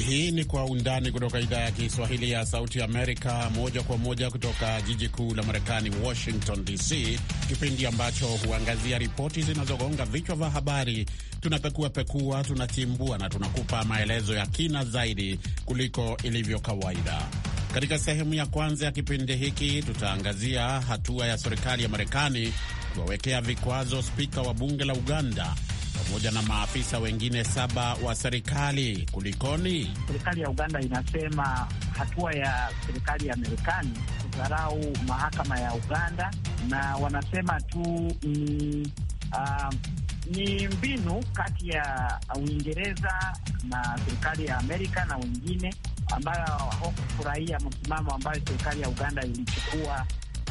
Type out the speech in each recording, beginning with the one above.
Hii ni Kwa Undani kutoka idhaa ya Kiswahili ya Sauti Amerika, moja kwa moja kutoka jiji kuu la Marekani, Washington DC, kipindi ambacho huangazia ripoti zinazogonga vichwa vya habari. Tunapekua pekua, tunachimbua na tunakupa maelezo ya kina zaidi kuliko ilivyo kawaida. Katika sehemu ya kwanza ya kipindi hiki tutaangazia hatua ya serikali ya Marekani kuwawekea vikwazo spika wa bunge la Uganda pamoja na maafisa wengine saba wa serikali. Kulikoni? Serikali ya Uganda inasema hatua ya serikali ya Marekani kudharau mahakama ya Uganda, na wanasema tu mm, uh, ni mbinu kati ya Uingereza na serikali ya Amerika na wengine ambayo hawakufurahia msimamo ambayo serikali ya Uganda ilichukua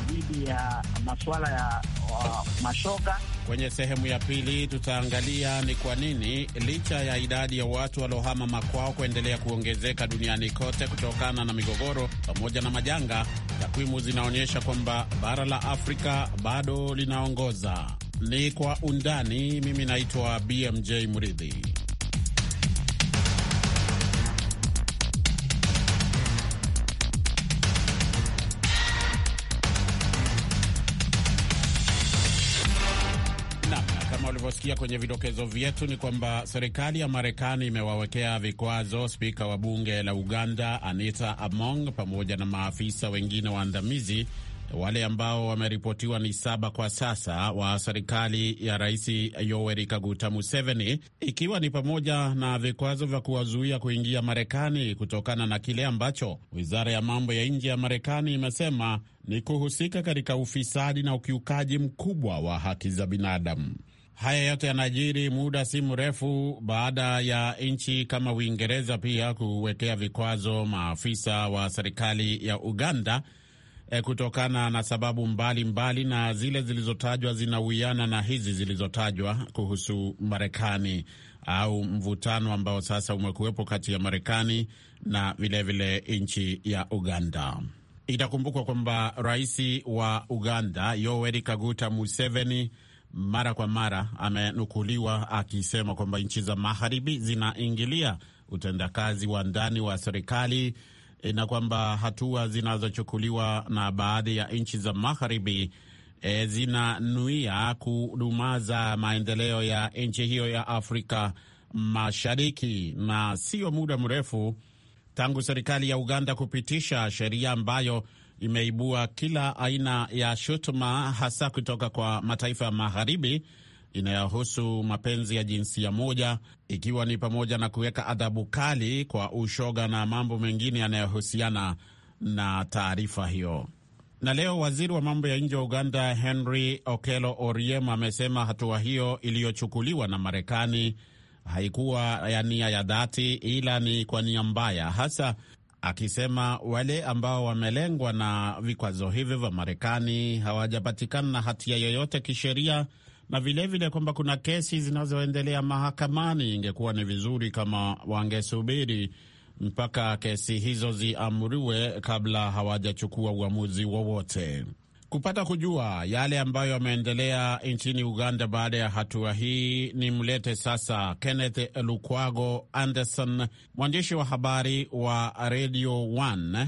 dhidi ya masuala ya uh, mashoga Kwenye sehemu ya pili tutaangalia ni kwa nini licha ya idadi ya watu waliohama makwao kuendelea kuongezeka duniani kote kutokana na migogoro pamoja na majanga, takwimu zinaonyesha kwamba bara la Afrika bado linaongoza. Ni kwa undani. Mimi naitwa BMJ mridhi ulivyosikia kwenye vidokezo vyetu ni kwamba serikali ya Marekani imewawekea vikwazo spika wa bunge la Uganda Anita Among pamoja na maafisa wengine waandamizi wale ambao wameripotiwa ni saba kwa sasa wa serikali ya Rais Yoweri Kaguta Museveni, ikiwa ni pamoja na vikwazo vya kuwazuia kuingia Marekani kutokana na kile ambacho wizara ya mambo ya nje ya Marekani imesema ni kuhusika katika ufisadi na ukiukaji mkubwa wa haki za binadamu. Haya yote yanajiri muda si mrefu baada ya nchi kama Uingereza pia kuwekea vikwazo maafisa wa serikali ya Uganda e, kutokana na sababu mbalimbali mbali, na zile zilizotajwa zinawiana na hizi zilizotajwa kuhusu Marekani au mvutano ambao sasa umekuwepo kati ya Marekani na vilevile vile nchi ya Uganda. Itakumbukwa kwamba rais wa Uganda Yoweri Kaguta Museveni mara kwa mara amenukuliwa akisema kwamba nchi za magharibi zinaingilia utendakazi wa ndani wa serikali eh, na kwamba hatua zinazochukuliwa na baadhi ya nchi za magharibi e, zinanuia kudumaza maendeleo ya nchi hiyo ya Afrika Mashariki. Na sio muda mrefu tangu serikali ya Uganda kupitisha sheria ambayo imeibua kila aina ya shutuma, hasa kutoka kwa mataifa ya Magharibi inayohusu mapenzi ya jinsia moja, ikiwa ni pamoja na kuweka adhabu kali kwa ushoga na mambo mengine yanayohusiana na taarifa hiyo. Na leo waziri wa mambo ya nje wa Uganda Henry Okello Oryem amesema hatua hiyo iliyochukuliwa na Marekani haikuwa ya nia ya dhati, ila ni kwa nia mbaya, hasa akisema wale ambao wamelengwa na vikwazo hivyo vya Marekani hawajapatikana na hatia yoyote kisheria na vilevile kwamba kuna kesi zinazoendelea mahakamani. Ingekuwa ni vizuri kama wangesubiri mpaka kesi hizo ziamriwe kabla hawajachukua uamuzi wowote. Kupata kujua yale ambayo yameendelea nchini Uganda baada ya hatua hii, ni mlete sasa Kenneth Lukwago Anderson, mwandishi wa habari wa Radio 1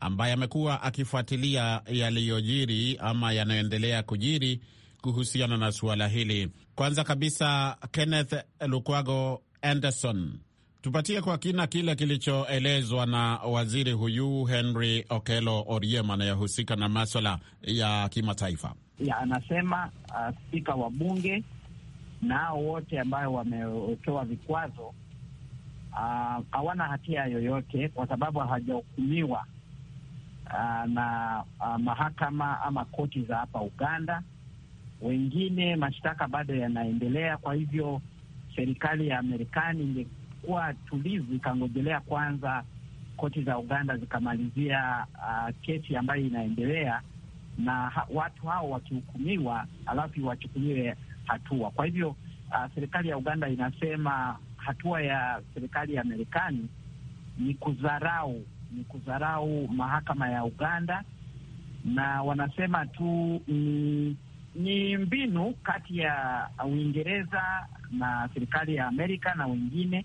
ambaye amekuwa akifuatilia yaliyojiri ama yanayoendelea kujiri kuhusiana na suala hili. Kwanza kabisa, Kenneth Lukwago Anderson, Tupatie kwa kina kile kilichoelezwa na waziri huyu Henry Okello Oriem anayehusika na maswala ya kimataifa. Ya, anasema uh, spika wa bunge nao wote ambayo wametoa vikwazo uh, hawana uh, hatia yoyote kwa sababu hawajahukumiwa uh, na uh, mahakama ama koti za hapa Uganda. Wengine mashtaka bado yanaendelea, kwa hivyo serikali ya Marekani haikuwa tulivu, ikangojelea kwanza koti za Uganda zikamalizia uh, kesi ambayo inaendelea na ha, watu hao wakihukumiwa, alafu wachukuliwe hatua. Kwa hivyo uh, serikali ya Uganda inasema hatua ya serikali ya Marekani ni kudharau ni kudharau mahakama ya Uganda, na wanasema tu ni, ni mbinu kati ya Uingereza na serikali ya Amerika na wengine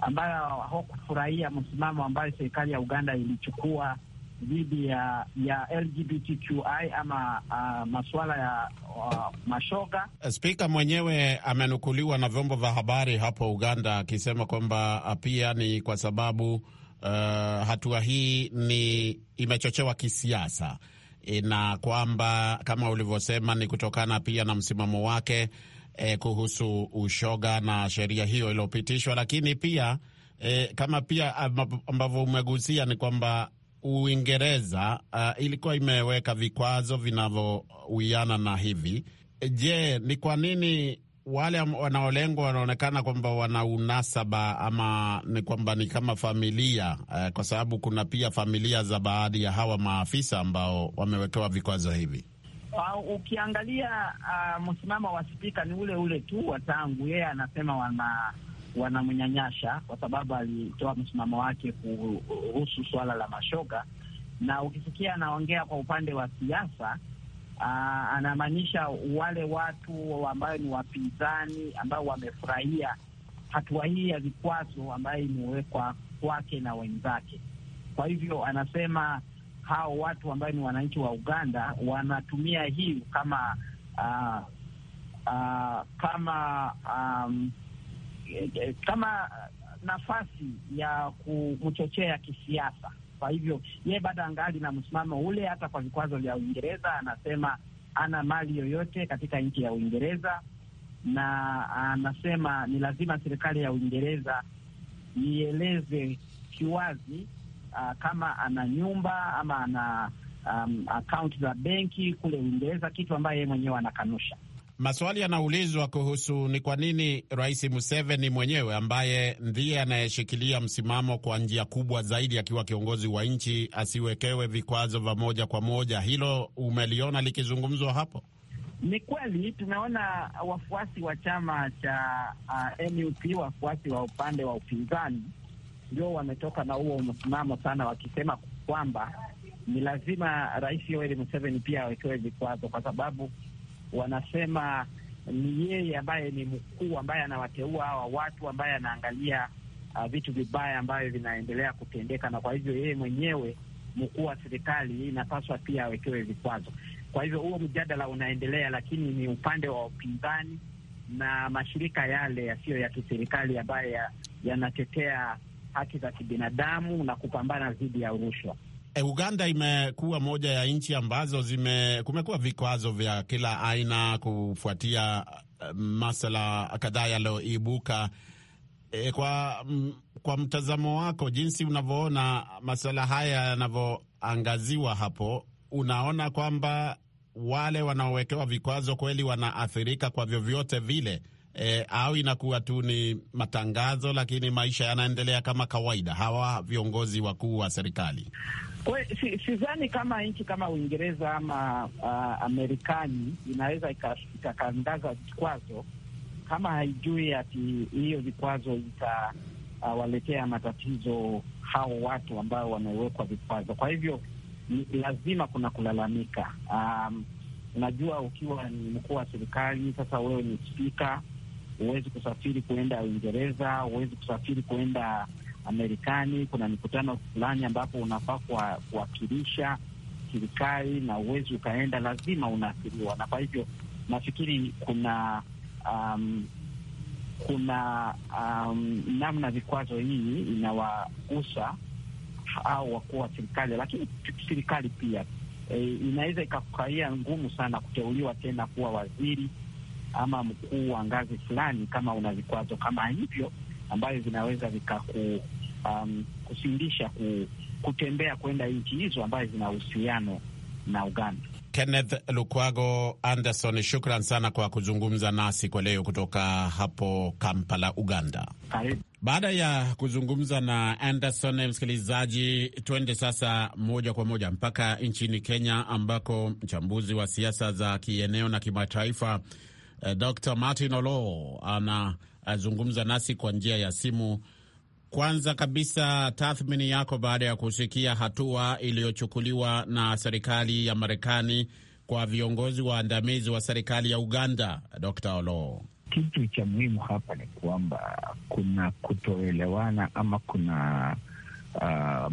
ambayo hawakufurahia msimamo ambayo serikali ya Uganda ilichukua dhidi ya ya LGBTQI ama uh, ah, masuala ya uh, mashoga. Eh, Spika mwenyewe amenukuliwa na vyombo vya habari hapo Uganda akisema kwamba ah, pia ni kwa sababu uh, hatua hii ni imechochewa kisiasa eh, na kwamba kama ulivyosema ni kutokana pia na msimamo wake eh, kuhusu ushoga na sheria hiyo iliyopitishwa, lakini pia eh, kama pia ambavyo umegusia ni kwamba Uingereza uh, ilikuwa imeweka vikwazo vinavyowiana na hivi. Je, ni kwa nini wale wanaolengwa wanaonekana kwamba wana unasaba ama ni kwamba ni kama familia uh, kwa sababu kuna pia familia za baadhi ya hawa maafisa ambao wamewekewa vikwazo hivi? Ukiangalia uh, msimamo wa spika ni ule ule tu wa tangu, yeye anasema wana wanamnyanyasha kwa sababu alitoa msimamo wake kuhusu suala la mashoga, na ukisikia anaongea kwa upande wa siasa uh, anamaanisha wale watu ambayo ni wapinzani ambao wamefurahia hatua hii ya vikwazo ambayo imewekwa kwake na wenzake. Kwa hivyo anasema hao watu ambayo ni wananchi wa Uganda wanatumia hii kama uh, uh, kama um, kama nafasi ya kumchochea kisiasa. Kwa hivyo yeye bado angali na msimamo ule, hata kwa vikwazo vya Uingereza anasema ana mali yoyote katika nchi ya Uingereza, na anasema ni lazima serikali ya Uingereza ieleze kiwazi uh, kama ana nyumba ama ana um, akaunti za benki kule Uingereza, kitu ambayo yeye mwenyewe anakanusha. Maswali yanaulizwa kuhusu ni kwa nini Rais Museveni mwenyewe ambaye ndiye anayeshikilia msimamo kwa njia kubwa zaidi akiwa kiongozi wa nchi asiwekewe vikwazo vya moja kwa moja. Hilo umeliona likizungumzwa hapo? Ni kweli, tumeona wafuasi wa chama cha uh, NUP, wafuasi wa upande wa upinzani ndio wametoka na huo msimamo sana, wakisema kwamba ni lazima Rais Yoweri Museveni pia awekewe vikwazo, kwa sababu wanasema ni yeye ambaye ni mkuu ambaye anawateua hawa watu, ambaye anaangalia uh, vitu vibaya ambavyo vinaendelea kutendeka, na kwa hivyo yeye mwenyewe mkuu wa serikali inapaswa pia awekewe vikwazo. Kwa hivyo huo mjadala unaendelea, lakini ni upande wa upinzani na mashirika yale yasiyo ya kiserikali ambayo yanatetea haki za kibinadamu na kupambana dhidi ya rushwa. E, Uganda imekuwa moja ya nchi ambazo zime kumekuwa vikwazo vya kila aina kufuatia eh, masala kadhaa yaliyoibuka. E, kwa, mm, kwa mtazamo wako jinsi unavyoona masala haya yanavyoangaziwa hapo, unaona kwamba wale wanaowekewa vikwazo kweli wanaathirika kwa vyovyote vile e, au inakuwa tu ni matangazo, lakini maisha yanaendelea kama kawaida, hawa viongozi wakuu wa serikali? sizani si kama nchi kama Uingereza ama uh, Amerikani inaweza ikatangaza vikwazo kama haijui ati hiyo vikwazo itawaletea uh, matatizo hao watu ambao wamewekwa vikwazo. Kwa hivyo lazima kuna kulalamika. Um, unajua ukiwa ni mkuu wa serikali sasa, wewe ni spika huwezi kusafiri kuenda Uingereza, huwezi kusafiri kuenda Amerikani. Kuna mikutano fulani ambapo unafaa kuwakilisha serikali na uwezi ukaenda, lazima unaathiriwa. Na kwa hivyo nafikiri kuna um, kuna um, namna vikwazo hii inawagusa au wakuu wa serikali, lakini serikali pia e, inaweza ikakukaia ngumu sana kuteuliwa tena kuwa waziri ama mkuu wa ngazi fulani, kama una vikwazo kama hivyo ambayo vinaweza vikakusindisha um, kutembea kwenda nchi hizo ambayo zina uhusiano na Uganda. Kenneth Lukwago Anderson, shukran sana kwa kuzungumza nasi kwa leo kutoka hapo Kampala, Uganda. Karibu. Baada ya kuzungumza na Anderson, msikilizaji, twende sasa moja kwa moja mpaka nchini Kenya ambako mchambuzi wa siasa za kieneo na kimataifa Eh, Dr. Martin Olo anazungumza eh, nasi kwa njia ya simu. Kwanza kabisa, tathmini yako baada ya kusikia hatua iliyochukuliwa na serikali ya Marekani kwa viongozi waandamizi wa serikali ya Uganda, Dr. Olo. Kitu cha muhimu hapa ni kwamba kuna kutoelewana ama kuna uh,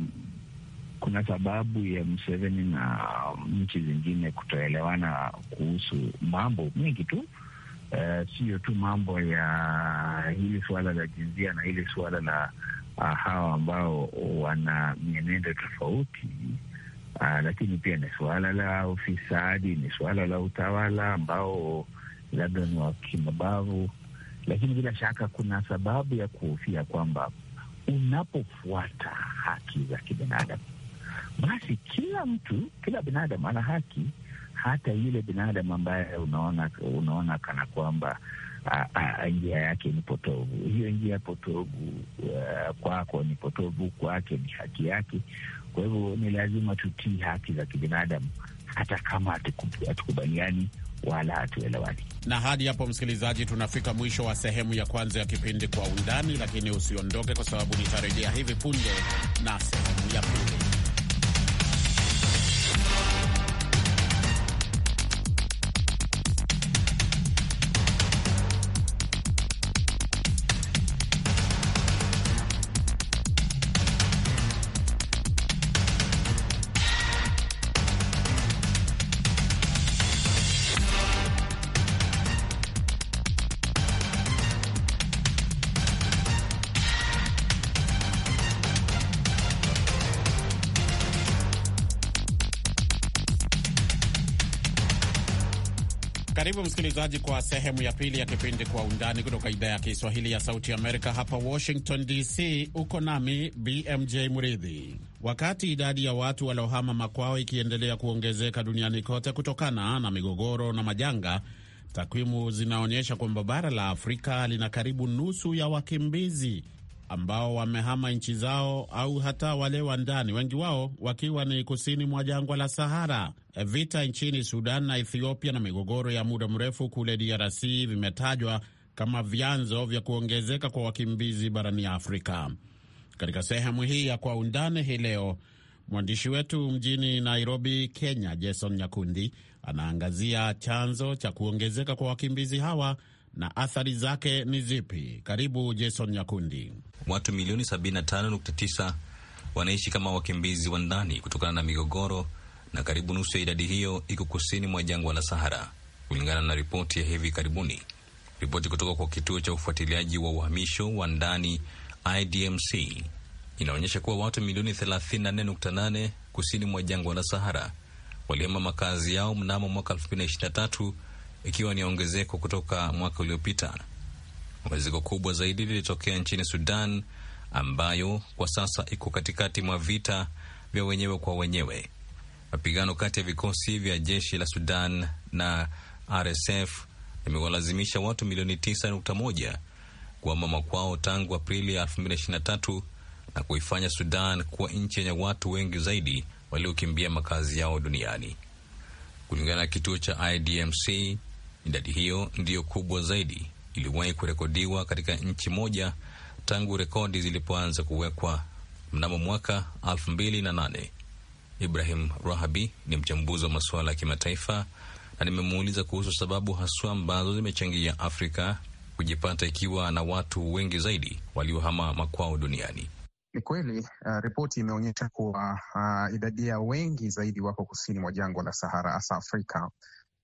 kuna sababu ya Museveni na um, nchi zingine kutoelewana kuhusu mambo mengi tu Eh, siyo uh, tu mambo ya hili suala la jinsia na hili suala la uh, hawa ambao wana mienendo tofauti uh, lakini pia ni suala la ufisadi, ni suala la utawala ambao labda ni wa kimabavu, lakini bila shaka kuna sababu ya kuhofia kwamba unapofuata haki za kibinadamu, basi kila mtu, kila binadamu ana haki hata yule binadamu ambaye unaona unaona kana kwamba njia yake ni potovu, hiyo njia potovu uh, kwako ni potovu, kwake ni haki yake. Kwa hivyo ni lazima tutii haki za kibinadamu hata kama hatukubaliani wala hatuelewani. Na hadi hapo, msikilizaji, tunafika mwisho wa sehemu ya kwanza ya kipindi Kwa Undani, lakini usiondoke, kwa sababu nitarejea hivi punde na sehemu ya pili. Karibu msikilizaji, kwa sehemu ya pili ya kipindi Kwa Undani kutoka idhaa ya Kiswahili ya Sauti Amerika hapa Washington DC. Uko nami BMJ Mridhi. Wakati idadi ya watu waliohama makwao ikiendelea kuongezeka duniani kote kutokana na migogoro na majanga, takwimu zinaonyesha kwamba bara la Afrika lina karibu nusu ya wakimbizi ambao wamehama nchi zao au hata wale wa ndani, wengi wao wakiwa ni kusini mwa jangwa la Sahara. Vita nchini Sudan na Ethiopia na migogoro ya muda mrefu kule DRC vimetajwa kama vyanzo vya kuongezeka kwa wakimbizi barani Afrika. Katika sehemu hii ya Kwa Undani hii leo, mwandishi wetu mjini Nairobi, Kenya, Jason Nyakundi anaangazia chanzo cha kuongezeka kwa wakimbizi hawa na athari zake ni zipi? Karibu Jason Nyakundi. Watu milioni 75.9 wanaishi kama wakimbizi wa ndani kutokana na migogoro, na karibu nusu ya idadi hiyo iko kusini mwa jangwa la Sahara, kulingana na ripoti ya hivi karibuni. Ripoti kutoka kwa kituo cha ufuatiliaji wa uhamisho wa ndani IDMC inaonyesha kuwa watu milioni 34.8 kusini mwa jangwa la Sahara walihama makazi yao mnamo mwaka ikiwa ni ongezeko kutoka mwaka uliopita. Ongezeko kubwa zaidi lilitokea nchini Sudan, ambayo kwa sasa iko katikati mwa vita vya wenyewe kwa wenyewe. Mapigano kati ya vikosi vya jeshi la Sudan na RSF imewalazimisha watu milioni 9.1 kuhama makwao tangu Aprili 2023 na kuifanya Sudan kuwa nchi yenye watu wengi zaidi waliokimbia makazi yao duniani. Kulingana na kituo cha IDMC, Idadi hiyo ndiyo kubwa zaidi iliwahi kurekodiwa katika nchi moja tangu rekodi zilipoanza kuwekwa mnamo mwaka elfu Ibrahim Rahabi ni mchambuzi wa masuala ya kimataifa na nimemuuliza kuhusu sababu haswa ambazo zimechangia Afrika kujipata ikiwa na watu wengi zaidi waliohama makwao duniani. Ni kweli uh, ripoti imeonyesha kuwa uh, idadi ya wengi zaidi wako kusini mwa jangwa la Sahara, hasa Afrika,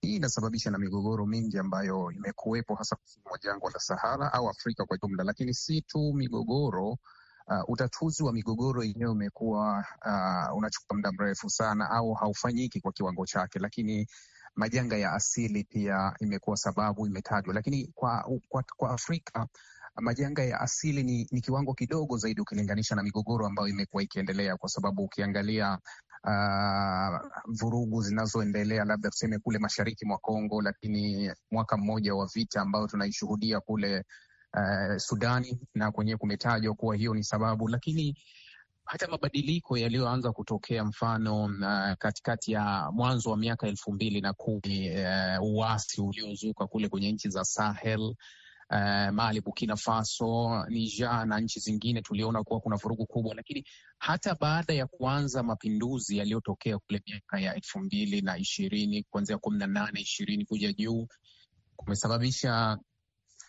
hii inasababisha na migogoro mingi ambayo imekuwepo hasa kusini mwa jangwa la Sahara au Afrika kwa jumla, lakini si tu migogoro Uh, utatuzi wa migogoro yenyewe umekuwa uh, unachukua muda mrefu sana au haufanyiki kwa kiwango chake, lakini majanga ya asili pia imekuwa sababu imetajwa, lakini kwa, kwa, kwa Afrika majanga ya asili ni, ni kiwango kidogo zaidi ukilinganisha na migogoro ambayo imekuwa ikiendelea, kwa sababu ukiangalia Uh, vurugu zinazoendelea labda tuseme kule mashariki mwa Kongo, lakini mwaka mmoja wa vita ambayo tunaishuhudia kule uh, Sudani na kwenyewe kumetajwa kuwa hiyo ni sababu, lakini hata mabadiliko yaliyoanza kutokea mfano uh, katikati ya mwanzo wa miaka elfu mbili na kumi uh, uasi uliozuka kule kwenye nchi za Sahel eh, Mali, Burkina Faso, Niger na nchi zingine tuliona kuwa kuna vurugu kubwa, lakini hata baada ya kuanza mapinduzi yaliyotokea kule miaka ya elfu mbili na ishirini kuanzia kumi na nane ishirini kuja juu kumesababisha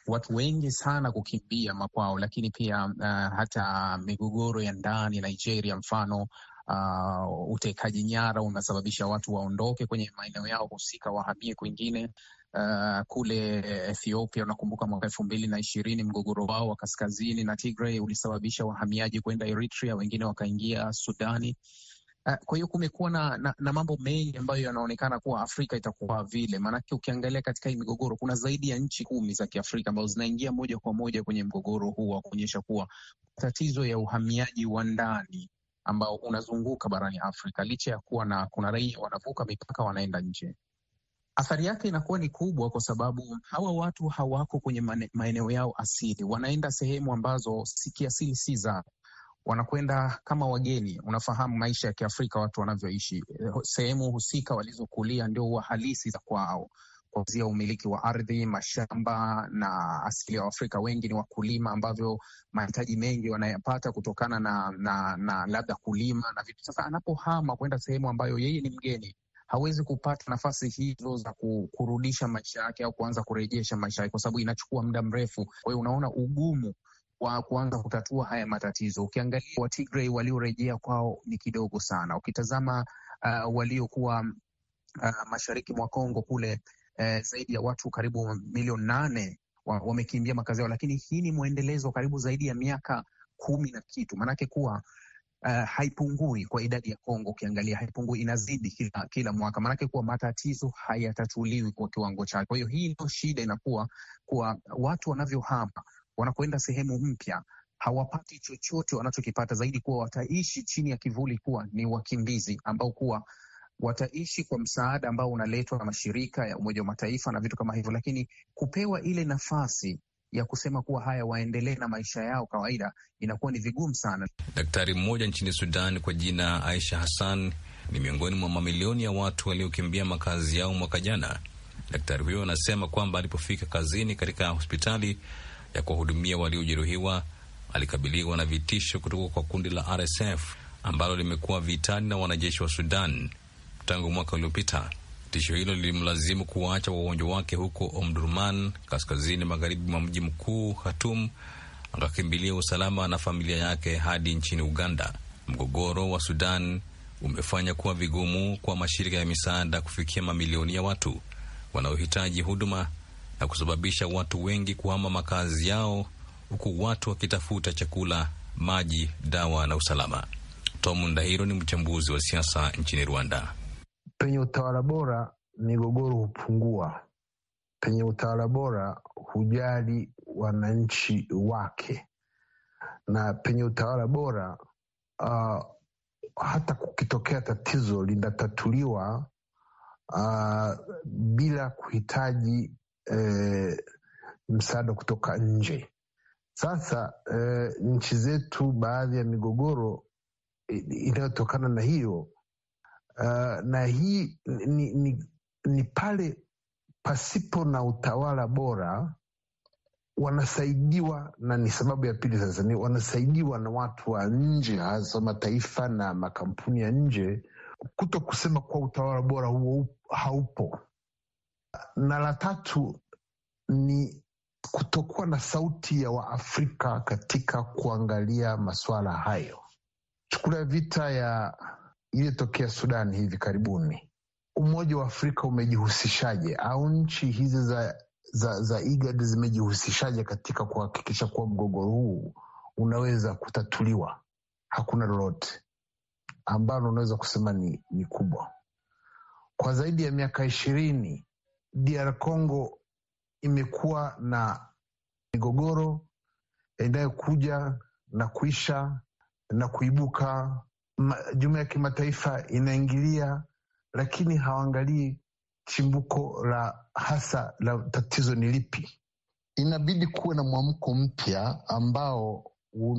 watu wengi sana kukimbia makwao, lakini pia uh, hata migogoro ya ndani Nigeria, mfano uh, utekaji nyara unasababisha watu waondoke kwenye maeneo yao husika wahamie kwingine uh, kule Ethiopia. Unakumbuka mwaka elfu mbili na ishirini mgogoro wao wa kaskazini na Tigray ulisababisha wahamiaji kwenda Eritrea, wengine wakaingia Sudani. Uh, kwa hiyo kumekuwa na, na, na mambo mengi ambayo yanaonekana kuwa Afrika itakuwa vile, maanake ukiangalia katika hii migogoro kuna zaidi ya nchi kumi za Kiafrika ambazo zinaingia moja kwa moja kwenye mgogoro huu wa kuonyesha kuwa tatizo ya uhamiaji wa ndani ambao unazunguka barani Afrika licha ya kuwa na kuna raia wanavuka mipaka wanaenda nje athari yake inakuwa ni kubwa, kwa sababu hawa watu hawako kwenye maeneo yao asili, wanaenda sehemu ambazo si kiasili, si zao wanakwenda kama wageni. Unafahamu maisha ya Kiafrika watu wanavyoishi, eh, sehemu husika walizokulia ndio huwa halisi za kwao, kuanzia umiliki wa ardhi, mashamba na asili ya Waafrika wengi ni wakulima, ambavyo mahitaji mengi wanayapata kutokana na, na, na labda kulima na vitu. Sasa anapohama kwenda sehemu ambayo yeye ni mgeni, hawezi kupata nafasi hizo za kurudisha maisha yake au kuanza kurejesha maisha yake, kwa sababu inachukua muda mrefu. Kwa hiyo unaona ugumu wa kuanza kutatua haya matatizo. Ukiangalia Watigray waliorejea kwao ni kidogo sana. Ukitazama uh, waliokuwa uh, mashariki mwa Kongo kule uh, zaidi ya watu karibu milioni nane wamekimbia wa makazi yao, lakini hii ni mwendelezo karibu zaidi ya miaka kumi na kitu, maanake kuwa uh, haipungui kwa idadi ya Kongo, ukiangalia haipungui, inazidi kila, kila mwaka, maanake kuwa matatizo hayatatuliwi kwa kiwango chake. Kwa hiyo hii ndio shida inakuwa kuwa watu wanavyohama, wanakwenda sehemu mpya hawapati chochote wanachokipata zaidi kuwa wataishi chini ya kivuli kuwa ni wakimbizi ambao kuwa wataishi kwa msaada ambao unaletwa na mashirika ya Umoja wa Mataifa na vitu kama hivyo, lakini kupewa ile nafasi ya kusema kuwa haya waendelee na maisha yao kawaida inakuwa ni vigumu sana. Daktari mmoja nchini Sudan kwa jina Aisha Hassan ni miongoni mwa mamilioni ya watu waliokimbia makazi yao mwaka jana. Daktari huyo anasema kwamba alipofika kazini katika hospitali ya kuwahudumia waliojeruhiwa alikabiliwa na vitisho kutoka kwa kundi la RSF ambalo limekuwa vitani na wanajeshi wa Sudan tangu mwaka uliopita. Tishio hilo lilimlazimu kuwaacha wagonjwa wake huko Omdurman, kaskazini magharibi mwa mji mkuu Khartoum, akakimbilia usalama na familia yake hadi nchini Uganda. Mgogoro wa Sudan umefanya kuwa vigumu kwa mashirika ya misaada kufikia mamilioni ya watu wanaohitaji huduma na kusababisha watu wengi kuhama makazi yao, huku watu wakitafuta chakula, maji, dawa na usalama. Tom Ndahiro ni mchambuzi wa siasa nchini Rwanda. Penye utawala bora migogoro hupungua. Penye utawala bora hujali wananchi wake, na penye utawala bora uh, hata kukitokea tatizo linatatuliwa uh, bila kuhitaji eh, msaada kutoka nje. Sasa eh, nchi zetu, baadhi ya migogoro inayotokana na hiyo uh, na hii ni, ni, ni pale pasipo na utawala bora wanasaidiwa na ni sababu ya pili. Sasa ni wanasaidiwa na watu wa nje, hasa mataifa na makampuni ya nje, kuto kusema kuwa utawala bora huo haupo. Na la tatu ni kutokuwa na sauti ya Waafrika katika kuangalia masuala hayo. Chukulia vita ya iliyotokea Sudan hivi karibuni, Umoja wa Afrika umejihusishaje au nchi hizi za za, za IGAD zimejihusishaje katika kuhakikisha kuwa mgogoro huu unaweza kutatuliwa? Hakuna lolote ambalo unaweza kusema ni, ni kubwa. Kwa zaidi ya miaka ishirini DR Congo imekuwa na migogoro inayokuja na kuisha na kuibuka jumuiya ya kimataifa inaingilia, lakini hawaangalii chimbuko la hasa la tatizo ni lipi. Inabidi kuwe na mwamko mpya ambao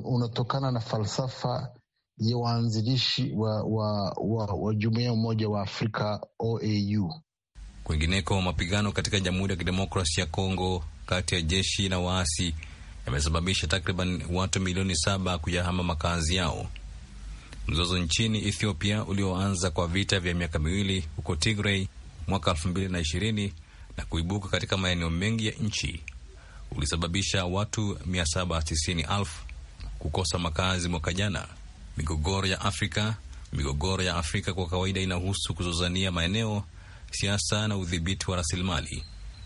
unatokana na falsafa ya waanzilishi wa, wa, wa, wa jumuiya ya Umoja wa Afrika OAU. Kwingineko, mapigano katika Jamhuri ya Kidemokrasi ya Kongo kati ya jeshi na waasi yamesababisha takriban watu milioni saba kuyahama makazi yao Mzozo nchini Ethiopia ulioanza kwa vita vya miaka miwili huko Tigray mwaka 2020 na kuibuka katika maeneo mengi ya nchi ulisababisha watu 790,000 kukosa makazi mwaka jana. Migogoro ya Afrika. Migogoro ya Afrika kwa kawaida inahusu kuzozania maeneo, siasa na udhibiti wa rasilimali,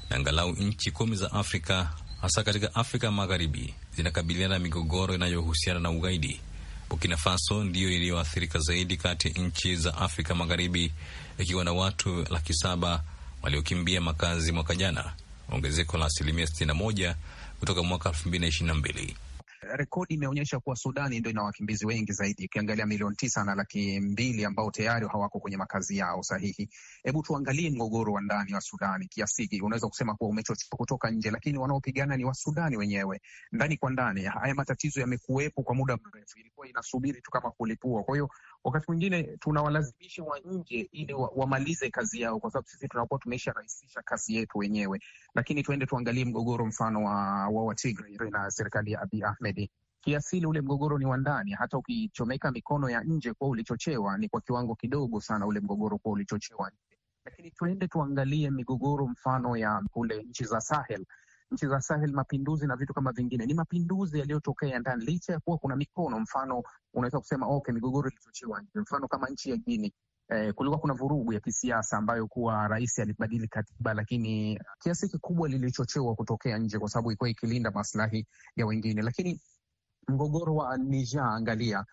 na angalau nchi kumi za Afrika hasa katika Afrika Magharibi zinakabiliana na migogoro inayohusiana na ugaidi Burkina Faso ndiyo iliyoathirika zaidi kati ya nchi za Afrika Magharibi, ikiwa na watu laki saba waliokimbia makazi mwaka jana, ongezeko la asilimia 61 kutoka mwaka 2022 rekodi imeonyesha kuwa Sudani ndo ina wakimbizi wengi zaidi, ukiangalia milioni tisa na laki mbili ambao tayari hawako kwenye makazi yao sahihi. Hebu tuangalie mgogoro wa ndani wa Sudani kiasiki, unaweza kusema kuwa umechochewa kutoka nje, lakini wanaopigana ni Wasudani wenyewe ndani kwa ndani. Haya matatizo yamekuwepo kwa muda mrefu, ilikuwa inasubiri tu kama kulipua. Kwa hiyo wakati mwingine tunawalazimisha wa nje ili wamalize wa kazi yao, kwa sababu sisi tunakuwa tumeisha rahisisha kazi yetu wenyewe. Lakini tuende tuangalie mgogoro mfano wa wa Watigri na serikali ya Abi Ahmedi. Kiasili ule mgogoro ni wa ndani. Hata ukichomeka mikono ya nje kuwa ulichochewa, ni kwa kiwango kidogo sana ule mgogoro kuwa ulichochewa nje. Lakini tuende tuangalie migogoro mfano ya kule nchi za Sahel nchi za Sahel, mapinduzi na vitu kama vingine, ni mapinduzi yaliyotokea ndani, licha ya kuwa kuna mikono. Mfano unaweza kusema oh, okay, migogoro ilichochewa nje, mfano kama nchi ya Guinea. Eh, kulikuwa kuna vurugu ya kisiasa ambayo kuwa rais alibadili katiba, lakini uh, kiasi kikubwa lilichochewa kutokea nje, kwa sababu ilikuwa ikilinda maslahi ya wengine. Lakini mgogoro wa Niger, angalia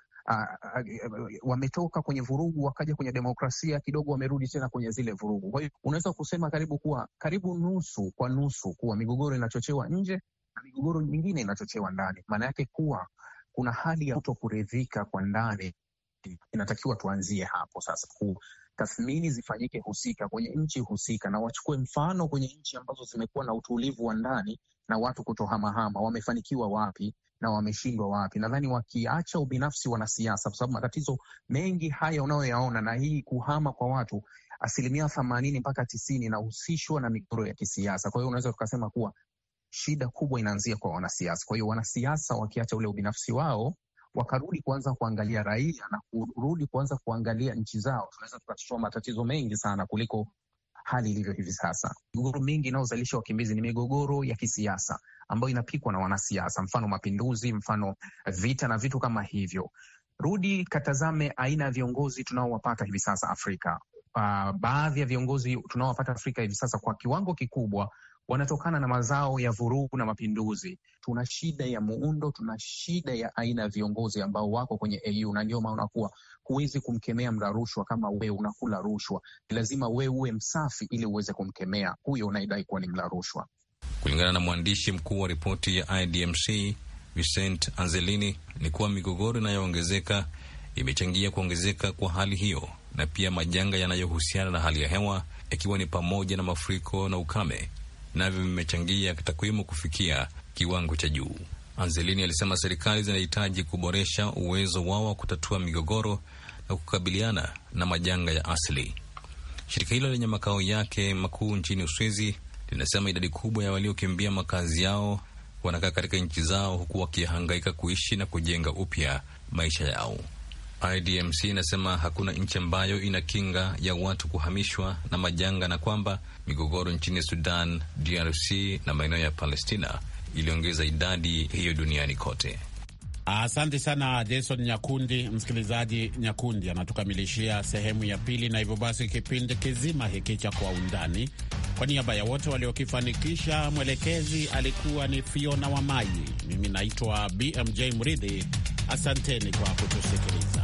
wametoka kwenye vurugu wakaja kwenye demokrasia kidogo, wamerudi tena kwenye zile vurugu. Kwa hiyo unaweza kusema karibu kuwa karibu nusu kwa nusu, kuwa migogoro inachochewa nje na migogoro mingine inachochewa ndani. Maana yake kuwa kuna hali ya kutokuridhika kwa ndani, inatakiwa tuanzie hapo sasa ku tathmini zifanyike husika kwenye nchi husika, na wachukue mfano kwenye nchi ambazo zimekuwa na utulivu wa ndani na watu kutohamahama, wamefanikiwa wapi? na wameshindwa wapi. Nadhani wakiacha ubinafsi wanasiasa, kwa sababu matatizo mengi haya unayoyaona na hii kuhama kwa watu asilimia themanini mpaka tisini inahusishwa na migogoro ya kisiasa. Kwa hiyo unaweza tukasema kuwa shida kubwa inaanzia kwa wanasiasa. Kwa hiyo wanasiasa wakiacha ule ubinafsi wao wakarudi kuanza kuangalia raia na kurudi kuanza kuangalia nchi zao, tunaweza tukachukua matatizo mengi sana kuliko hali ilivyo hivi sasa. Migogoro mingi inayozalisha wakimbizi ni migogoro ya kisiasa ambayo inapikwa na wanasiasa, mfano mapinduzi, mfano vita na vitu kama hivyo. Rudi katazame aina ya viongozi tunaowapata hivi sasa Afrika. Uh, baadhi ya viongozi tunaowapata Afrika hivi sasa kwa kiwango kikubwa wanatokana na mazao ya vurugu na mapinduzi. Tuna shida ya muundo, tuna shida ya aina ya viongozi ambao wako kwenye AU, na ndio maana unakuwa huwezi kumkemea mla rushwa kama we unakula rushwa. Ni lazima we uwe msafi ili uweze kumkemea huyo unayedai kuwa ni mla rushwa. Kulingana na mwandishi mkuu wa ripoti ya IDMC Vincent Anzelini, ni kuwa migogoro inayoongezeka imechangia kuongezeka kwa hali hiyo na pia majanga yanayohusiana na hali ya hewa, ikiwa ni pamoja na mafuriko na ukame navyo vimechangia takwimu kufikia kiwango cha juu. Anzelini alisema serikali zinahitaji kuboresha uwezo wao wa kutatua migogoro na kukabiliana na majanga ya asili. Shirika hilo lenye makao yake makuu nchini Uswizi linasema idadi kubwa ya waliokimbia makazi yao wanakaa katika nchi zao huku wakihangaika kuishi na kujenga upya maisha yao. IDMC inasema hakuna nchi ambayo ina kinga ya watu kuhamishwa na majanga na kwamba migogoro nchini Sudan, DRC na maeneo ya Palestina iliongeza idadi hiyo duniani kote. Asante sana Jason Nyakundi. Msikilizaji, Nyakundi anatukamilishia sehemu ya pili, na hivyo basi kipindi kizima hiki cha Kwa Undani, kwa niaba ya wote waliokifanikisha, mwelekezi alikuwa ni Fiona Wamayi, mimi naitwa BMJ Mridhi. Asanteni kwa kutusikiliza.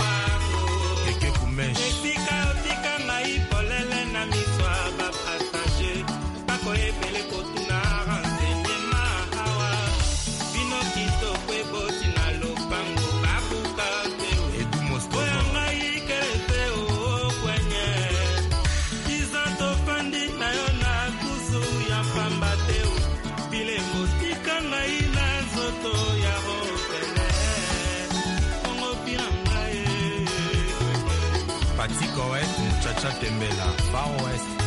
va a oeste.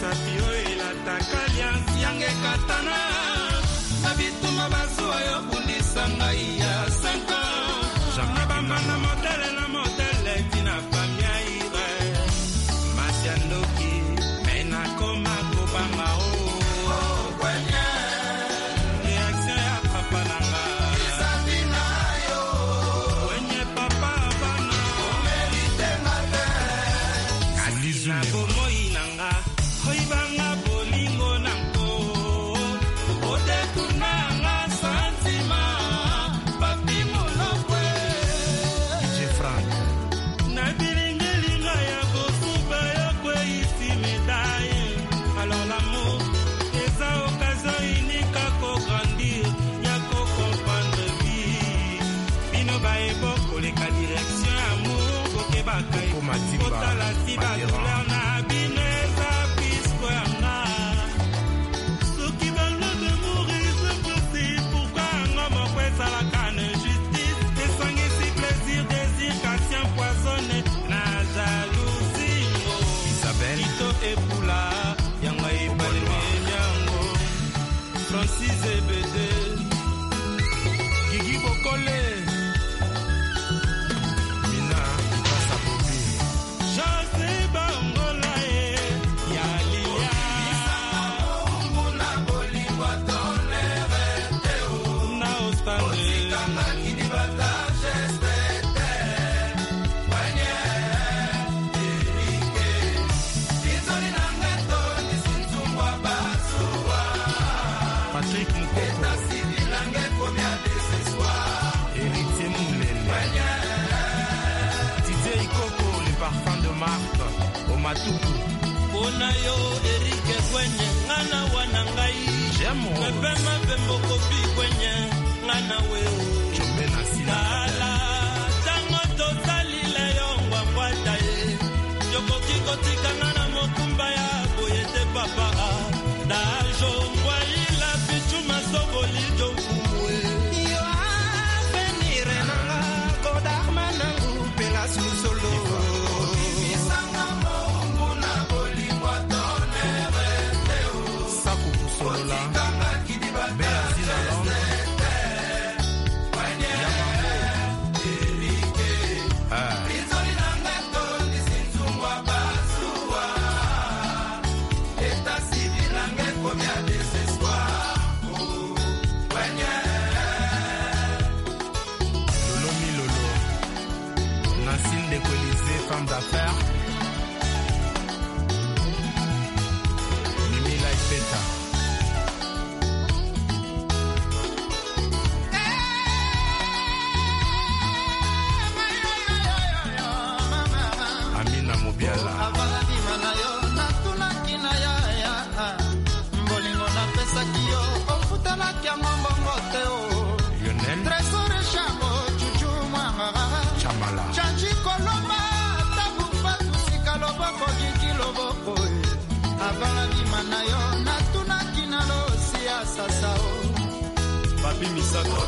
satio y la tacalia, yangue catana. si zebede matupu mpona yo erike kwenye ngana mepema kwenye ngana weo ye mokumba ya papa sasa babimisaka